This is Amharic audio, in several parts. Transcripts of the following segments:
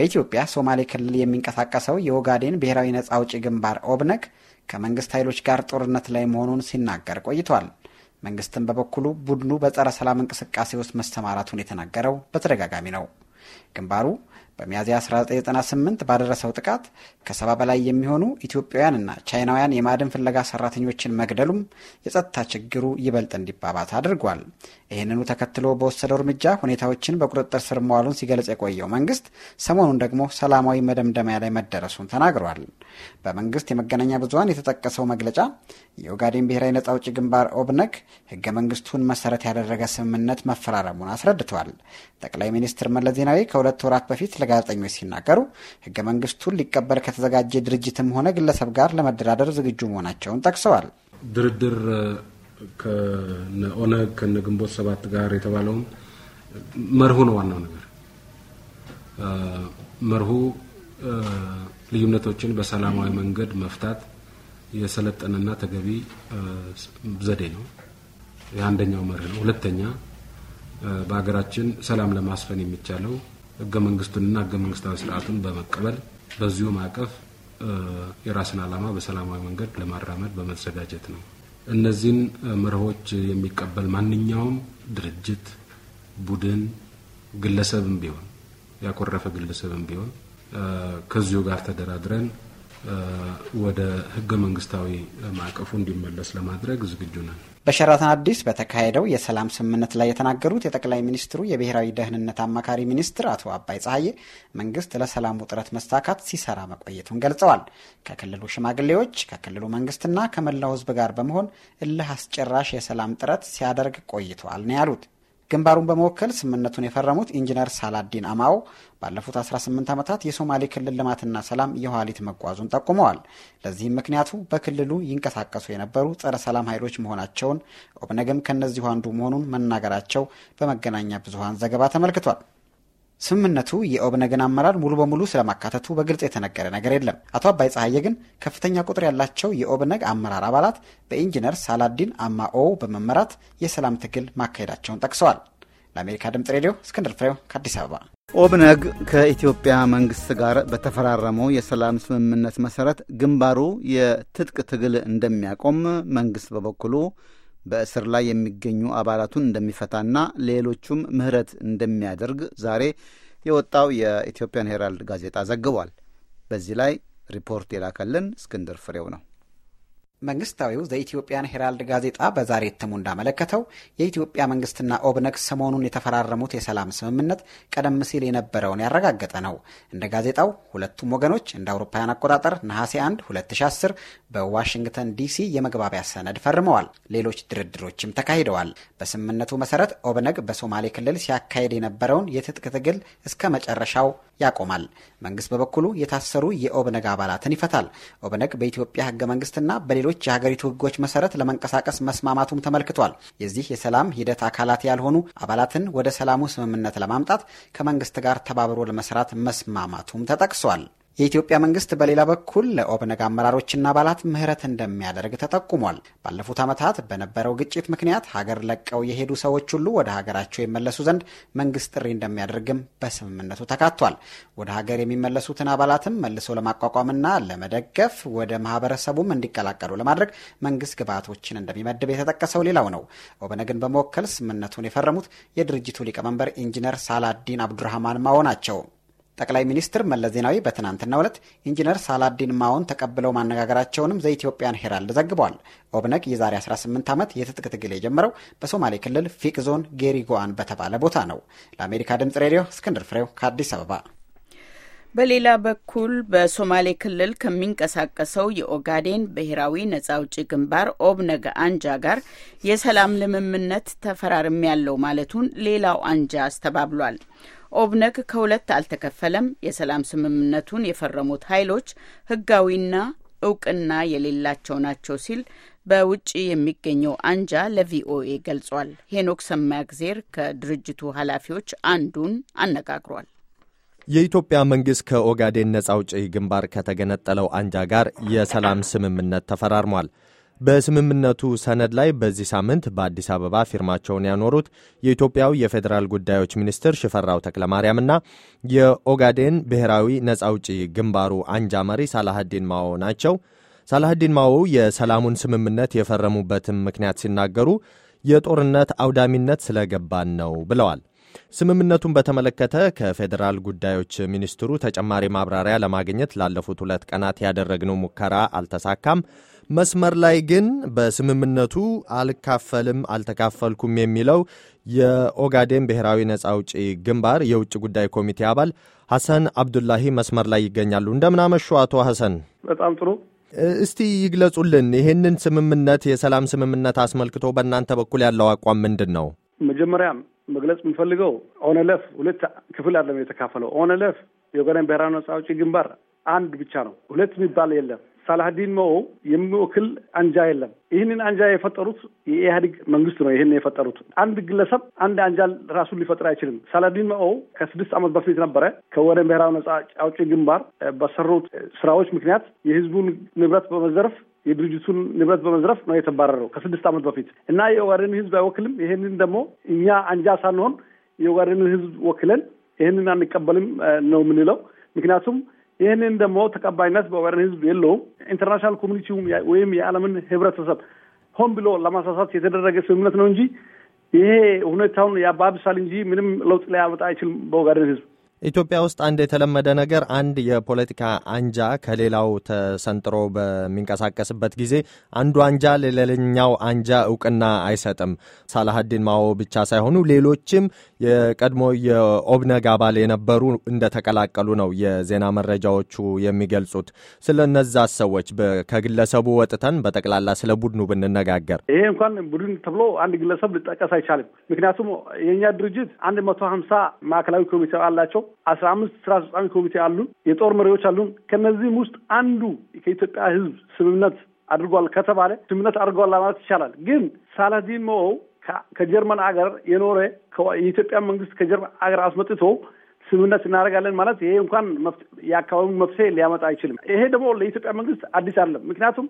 በኢትዮጵያ ሶማሌ ክልል የሚንቀሳቀሰው የኦጋዴን ብሔራዊ ነጻ አውጪ ግንባር ኦብነግ ከመንግስት ኃይሎች ጋር ጦርነት ላይ መሆኑን ሲናገር ቆይቷል። መንግስትም በበኩሉ ቡድኑ በጸረ ሰላም እንቅስቃሴ ውስጥ መሰማራቱን የተናገረው በተደጋጋሚ ነው። ግንባሩ በሚያዝያ 1998 ባደረሰው ጥቃት ከሰባ በላይ የሚሆኑ ኢትዮጵያውያንና ቻይናውያን የማዕድን ፍለጋ ሰራተኞችን መግደሉም የጸጥታ ችግሩ ይበልጥ እንዲባባት አድርጓል። ይህንኑ ተከትሎ በወሰደው እርምጃ ሁኔታዎችን በቁጥጥር ስር መዋሉን ሲገልጽ የቆየው መንግስት ሰሞኑን ደግሞ ሰላማዊ መደምደሚያ ላይ መደረሱን ተናግሯል። በመንግስት የመገናኛ ብዙሀን የተጠቀሰው መግለጫ የኦጋዴን ብሔራዊ ነጻ አውጪ ግንባር ኦብነግ ህገ መንግስቱን መሰረት ያደረገ ስምምነት መፈራረሙን አስረድቷል። ጠቅላይ ሚኒስትር መለስ ዜናዊ ከሁለት ወራት በፊት ለጋዜጠኞች ሲናገሩ ህገ መንግስቱን ሊቀበል ከተዘጋጀ ድርጅትም ሆነ ግለሰብ ጋር ለመደራደር ዝግጁ መሆናቸውን ጠቅሰዋል። ድርድር ከኦነግ ኦነግ ከነ ግንቦት ሰባት ጋር የተባለውም መርሁ ነው። ዋናው ነገር መርሁ ልዩነቶችን በሰላማዊ መንገድ መፍታት የሰለጠነና ተገቢ ዘዴ ነው። የአንደኛው መርህ ነው። ሁለተኛ በሀገራችን ሰላም ለማስፈን የሚቻለው ህገ መንግስቱንና ህገ መንግስታዊ ስርዓቱን በመቀበል በዚሁ ማዕቀፍ የራስን ዓላማ በሰላማዊ መንገድ ለማራመድ በመዘጋጀት ነው። እነዚህን መርሆች የሚቀበል ማንኛውም ድርጅት፣ ቡድን፣ ግለሰብም ቢሆን ያኮረፈ ግለሰብም ቢሆን ከዚሁ ጋር ተደራድረን ወደ ህገ መንግስታዊ ማዕቀፉ እንዲመለስ ለማድረግ ዝግጁ ነን። በሸራተን አዲስ በተካሄደው የሰላም ስምምነት ላይ የተናገሩት የጠቅላይ ሚኒስትሩ የብሔራዊ ደህንነት አማካሪ ሚኒስትር አቶ አባይ ፀሐዬ መንግስት ለሰላሙ ጥረት መስታካት ሲሰራ መቆየቱን ገልጸዋል። ከክልሉ ሽማግሌዎች፣ ከክልሉ መንግስትና ከመላው ህዝብ ጋር በመሆን እልህ አስጨራሽ የሰላም ጥረት ሲያደርግ ቆይተዋል ነው ያሉት። ግንባሩን በመወከል ስምምነቱን የፈረሙት ኢንጂነር ሳላዲን አማው ባለፉት 18 ዓመታት የሶማሌ ክልል ልማትና ሰላም የኋሊት መጓዙን ጠቁመዋል። ለዚህም ምክንያቱ በክልሉ ይንቀሳቀሱ የነበሩ ጸረ ሰላም ኃይሎች መሆናቸውን ኦብነግም ከእነዚሁ አንዱ መሆኑን መናገራቸው በመገናኛ ብዙሃን ዘገባ ተመልክቷል። ስምምነቱ የኦብነግን አመራር ሙሉ በሙሉ ስለማካተቱ በግልጽ የተነገረ ነገር የለም። አቶ አባይ ጸሐዬ ግን ከፍተኛ ቁጥር ያላቸው የኦብነግ አመራር አባላት በኢንጂነር ሳላዲን አማኦ በመመራት የሰላም ትግል ማካሄዳቸውን ጠቅሰዋል። ለአሜሪካ ድምፅ ሬዲዮ እስክንድር ፍሬው ከአዲስ አበባ። ኦብነግ ከኢትዮጵያ መንግስት ጋር በተፈራረመው የሰላም ስምምነት መሰረት ግንባሩ የትጥቅ ትግል እንደሚያቆም መንግስት በበኩሉ በእስር ላይ የሚገኙ አባላቱን እንደሚፈታና ሌሎቹም ምህረት እንደሚያደርግ ዛሬ የወጣው የኢትዮጵያን ሄራልድ ጋዜጣ ዘግቧል። በዚህ ላይ ሪፖርት የላከልን እስክንድር ፍሬው ነው። መንግስታዊው ዘኢትዮጵያን ሄራልድ ጋዜጣ በዛሬ እትሙ እንዳመለከተው የኢትዮጵያ መንግስትና ኦብነግ ሰሞኑን የተፈራረሙት የሰላም ስምምነት ቀደም ሲል የነበረውን ያረጋገጠ ነው። እንደ ጋዜጣው ሁለቱም ወገኖች እንደ አውሮፓውያን አቆጣጠር ነሐሴ 1 2010 በዋሽንግተን ዲሲ የመግባቢያ ሰነድ ፈርመዋል። ሌሎች ድርድሮችም ተካሂደዋል። በስምምነቱ መሰረት ኦብነግ በሶማሌ ክልል ሲያካሄድ የነበረውን የትጥቅ ትግል እስከ መጨረሻው ያቆማል። መንግስት በበኩሉ የታሰሩ የኦብነግ አባላትን ይፈታል። ኦብነግ በኢትዮጵያ ህገ መንግስትና በሌሎች በሌሎች የሀገሪቱ ህጎች መሰረት ለመንቀሳቀስ መስማማቱም ተመልክቷል። የዚህ የሰላም ሂደት አካላት ያልሆኑ አባላትን ወደ ሰላሙ ስምምነት ለማምጣት ከመንግስት ጋር ተባብሮ ለመስራት መስማማቱም ተጠቅሷል። የኢትዮጵያ መንግስት በሌላ በኩል ለኦብነግ አመራሮችና አባላት ምህረት እንደሚያደርግ ተጠቁሟል። ባለፉት ዓመታት በነበረው ግጭት ምክንያት ሀገር ለቀው የሄዱ ሰዎች ሁሉ ወደ ሀገራቸው የመለሱ ዘንድ መንግስት ጥሪ እንደሚያደርግም በስምምነቱ ተካቷል። ወደ ሀገር የሚመለሱትን አባላትም መልሶ ለማቋቋምና ለመደገፍ ወደ ማህበረሰቡም እንዲቀላቀሉ ለማድረግ መንግስት ግብዓቶችን እንደሚመድብ የተጠቀሰው ሌላው ነው። ኦብነግን በመወከል ስምምነቱን የፈረሙት የድርጅቱ ሊቀመንበር ኢንጂነር ሳላዲን አብዱራህማን ማዎ ናቸው። ጠቅላይ ሚኒስትር መለስ ዜናዊ በትናንትናው ዕለት ኢንጂነር ሳላዲን ማውን ተቀብለው ማነጋገራቸውንም ዘኢትዮጵያን ሄራልድ ዘግቧል። ኦብነግ የዛሬ 18 ዓመት የትጥቅ ትግል የጀመረው በሶማሌ ክልል ፊቅ ዞን ጌሪጎአን በተባለ ቦታ ነው። ለአሜሪካ ድምጽ ሬዲዮ እስክንድር ፍሬው ከአዲስ አበባ። በሌላ በኩል በሶማሌ ክልል ከሚንቀሳቀሰው የኦጋዴን ብሔራዊ ነጻ አውጪ ግንባር ኦብነግ አንጃ ጋር የሰላም ልምምነት ያለው ማለቱን ሌላው አንጃ አስተባብሏል። ኦብነግ ከሁለት አልተከፈለም። የሰላም ስምምነቱን የፈረሙት ኃይሎች ህጋዊና እውቅና የሌላቸው ናቸው ሲል በውጭ የሚገኘው አንጃ ለቪኦኤ ገልጿል። ሄኖክ ሰማያግዜር ከድርጅቱ ኃላፊዎች አንዱን አነጋግሯል። የኢትዮጵያ መንግሥት ከኦጋዴን ነጻ አውጪ ግንባር ከተገነጠለው አንጃ ጋር የሰላም ስምምነት ተፈራርሟል። በስምምነቱ ሰነድ ላይ በዚህ ሳምንት በአዲስ አበባ ፊርማቸውን ያኖሩት የኢትዮጵያው የፌዴራል ጉዳዮች ሚኒስትር ሽፈራው ተክለማርያምና የኦጋዴን ብሔራዊ ነጻ አውጪ ግንባሩ አንጃ መሪ ሳላሀዲን ማዎ ናቸው። ሳላሀዲን ማዎ የሰላሙን ስምምነት የፈረሙበትን ምክንያት ሲናገሩ የጦርነት አውዳሚነት ስለገባን ነው ብለዋል። ስምምነቱን በተመለከተ ከፌዴራል ጉዳዮች ሚኒስትሩ ተጨማሪ ማብራሪያ ለማግኘት ላለፉት ሁለት ቀናት ያደረግነው ሙከራ አልተሳካም። መስመር ላይ ግን በስምምነቱ አልካፈልም አልተካፈልኩም የሚለው የኦጋዴን ብሔራዊ ነጻ አውጪ ግንባር የውጭ ጉዳይ ኮሚቴ አባል ሐሰን አብዱላሂ መስመር ላይ ይገኛሉ። እንደምናመሹ አቶ ሐሰን። በጣም ጥሩ። እስቲ ይግለጹልን፣ ይህንን ስምምነት የሰላም ስምምነት አስመልክቶ በእናንተ በኩል ያለው አቋም ምንድን ነው? መጀመሪያ መግለጽ የምንፈልገው ኦነለፍ ሁለት ክፍል አለም የተካፈለው ኦነለፍ የኦጋዴን ብሔራዊ ነጻ አውጪ ግንባር አንድ ብቻ ነው። ሁለት የሚባል የለም። ሳላህዲን መ የሚወክል አንጃ የለም። ይህንን አንጃ የፈጠሩት የኢህአዴግ መንግስት ነው። ይህን የፈጠሩት አንድ ግለሰብ አንድ አንጃ ራሱን ሊፈጥር አይችልም። ሳላዲን መኦ ከስድስት ዓመት በፊት ነበረ ከወደ ብሔራዊ ነጻ አውጪ ግንባር በሰሩት ስራዎች ምክንያት የህዝቡን ንብረት በመዘርፍ የድርጅቱን ንብረት በመዝረፍ ነው የተባረረው ከስድስት ዓመት በፊት እና የኦጋዴንን ህዝብ አይወክልም። ይህንን ደግሞ እኛ አንጃ ሳንሆን የኦጋዴንን ህዝብ ወክለን ይህንን አንቀበልም ነው የምንለው። ምክንያቱም ይህንን ደግሞ ተቀባይነት በኦጋዴን ህዝብ የለውም። ኢንተርናሽናል ኮሚኒቲውም ወይም የዓለምን ህብረተሰብ ሆን ብሎ ለማሳሳት የተደረገ ስምምነት ነው እንጂ ይሄ ሁኔታውን ያባብሳል እንጂ ምንም ለውጥ ሊያመጣ አይችልም በኦጋዴን ህዝብ ኢትዮጵያ ውስጥ አንድ የተለመደ ነገር አንድ የፖለቲካ አንጃ ከሌላው ተሰንጥሮ በሚንቀሳቀስበት ጊዜ አንዱ አንጃ ለሌላኛው አንጃ እውቅና አይሰጥም። ሳላሀዲን ማዎ ብቻ ሳይሆኑ ሌሎችም የቀድሞ የኦብነግ አባል የነበሩ እንደተቀላቀሉ ነው የዜና መረጃዎቹ የሚገልጹት። ስለ እነዛ ሰዎች ከግለሰቡ ወጥተን በጠቅላላ ስለ ቡድኑ ብንነጋገር ይሄ እንኳን ቡድን ተብሎ አንድ ግለሰብ ሊጠቀስ አይቻልም። ምክንያቱም የእኛ ድርጅት አንድ መቶ ሀምሳ ማዕከላዊ ኮሚቴ አላቸው አስራ አምስት ስራ አስፈጻሚ ኮሚቴ አሉን፣ የጦር መሪዎች አሉን። ከነዚህም ውስጥ አንዱ ከኢትዮጵያ ህዝብ ስምምነት አድርጓል ከተባለ ስምምነት አድርጓል ለማለት ይቻላል። ግን ሳላዲን ሞኦ ከጀርመን አገር የኖረ የኢትዮጵያ መንግስት ከጀርመን አገር አስመጥቶ ስምምነት እናደርጋለን ማለት ይሄ እንኳን የአካባቢውን መፍትሄ ሊያመጣ አይችልም። ይሄ ደግሞ ለኢትዮጵያ መንግስት አዲስ አይደለም። ምክንያቱም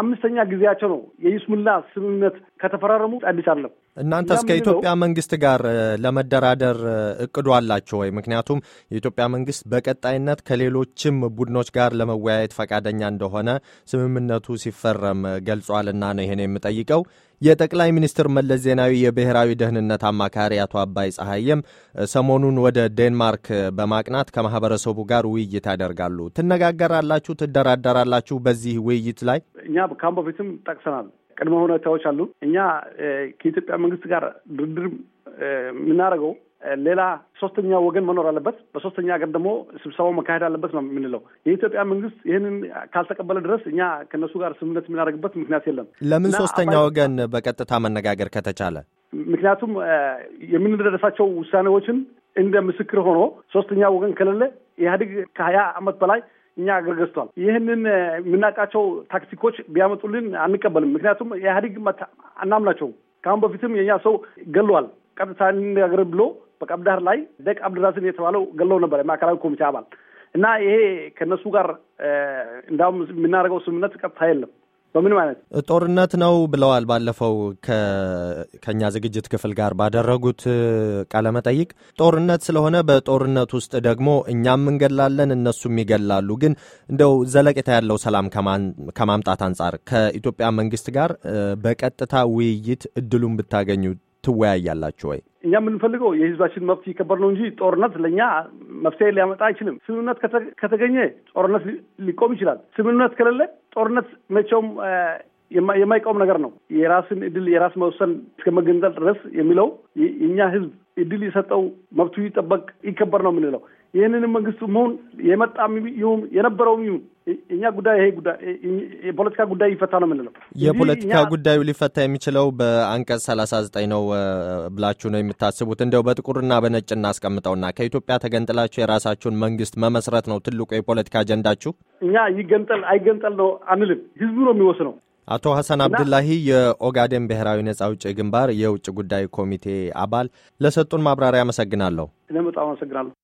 አምስተኛ ጊዜያቸው ነው የይስሙላ ስምምነት ከተፈራረሙ አዲስ አይደለም። እናንተስ ከኢትዮጵያ መንግስት ጋር ለመደራደር እቅዱ አላችሁ ወይ? ምክንያቱም የኢትዮጵያ መንግስት በቀጣይነት ከሌሎችም ቡድኖች ጋር ለመወያየት ፈቃደኛ እንደሆነ ስምምነቱ ሲፈረም ገልጿልና ነው ይሄን የምጠይቀው። የጠቅላይ ሚኒስትር መለስ ዜናዊ የብሔራዊ ደህንነት አማካሪ አቶ አባይ ፀሐይም ሰሞኑን ወደ ዴንማርክ በማቅናት ከማህበረሰቡ ጋር ውይይት ያደርጋሉ። ትነጋገራላችሁ፣ ትደራደራላችሁ? በዚህ ውይይት ላይ እኛ ከአሁን በፊትም ጠቅሰናል። ቅድመ ሁኔታዎች አሉ። እኛ ከኢትዮጵያ መንግስት ጋር ድርድር የምናደርገው ሌላ ሶስተኛ ወገን መኖር አለበት፣ በሶስተኛ ሀገር ደግሞ ስብሰባው መካሄድ አለበት ነው የምንለው። የኢትዮጵያ መንግስት ይህንን ካልተቀበለ ድረስ እኛ ከእነሱ ጋር ስምምነት የምናደርግበት ምክንያት የለም። ለምን ሶስተኛ ወገን በቀጥታ መነጋገር ከተቻለ? ምክንያቱም የምንደረሳቸው ውሳኔዎችን እንደ ምስክር ሆኖ ሶስተኛ ወገን ከሌለ ኢህአዴግ ከሀያ አመት በላይ እኛ ገዝቷል። ይህንን የምናውቃቸው ታክቲኮች ቢያመጡልን አንቀበልም። ምክንያቱም ኢህአዴግ አናምናቸው። ከአሁን በፊትም የኛ ሰው ገሏል። ቀጥታ እንነጋገር ብሎ በቀብዳር ላይ ደቅ አብድራስን የተባለው ገለው ነበር የማዕከላዊ ኮሚቴ አባል እና ይሄ ከእነሱ ጋር እንዳውም የምናደርገው ስምምነት ቀጥታ የለም በምን ማለት ነው? ጦርነት ነው ብለዋል። ባለፈው ከእኛ ዝግጅት ክፍል ጋር ባደረጉት ቃለ መጠይቅ ጦርነት ስለሆነ በጦርነት ውስጥ ደግሞ እኛም እንገላለን፣ እነሱም ይገላሉ። ግን እንደው ዘለቄታ ያለው ሰላም ከማምጣት አንጻር ከኢትዮጵያ መንግስት ጋር በቀጥታ ውይይት እድሉን ብታገኙ ትወያያላችሁ ወይ? እኛ የምንፈልገው የህዝባችን መብት ይከበር ነው እንጂ ጦርነት ለእኛ መፍትሄ ሊያመጣ አይችልም። ስምምነት ከተገኘ ጦርነት ሊቆም ይችላል። ስምምነት ከሌለ ጦርነት መቼውም የማይቆም ነገር ነው። የራስን እድል የራስ መወሰን እስከ መገንጠል ድረስ የሚለው የእኛ ህዝብ እድል የሰጠው መብቱ ይጠበቅ ይከበር ነው የምንለው ይህንንም መንግስቱ መሆን የመጣም ይሁን የነበረውም ይሁን እኛ ጉዳይ ይሄ ጉዳይ የፖለቲካ ጉዳይ ይፈታ ነው የምንለው። የፖለቲካ ጉዳዩ ሊፈታ የሚችለው በአንቀጽ ሰላሳ ዘጠኝ ነው ብላችሁ ነው የምታስቡት? እንደው በጥቁርና በነጭ እናስቀምጠውና ከኢትዮጵያ ተገንጥላችሁ የራሳችሁን መንግስት መመስረት ነው ትልቁ የፖለቲካ አጀንዳችሁ? እኛ ይገንጠል አይገንጠል ነው አንልም። ህዝቡ ነው የሚወስነው። አቶ ሀሰን አብድላሂ የኦጋዴን ብሔራዊ ነጻ አውጪ ግንባር የውጭ ጉዳይ ኮሚቴ አባል፣ ለሰጡን ማብራሪያ አመሰግናለሁ። እኔም በጣም አመሰግናለሁ።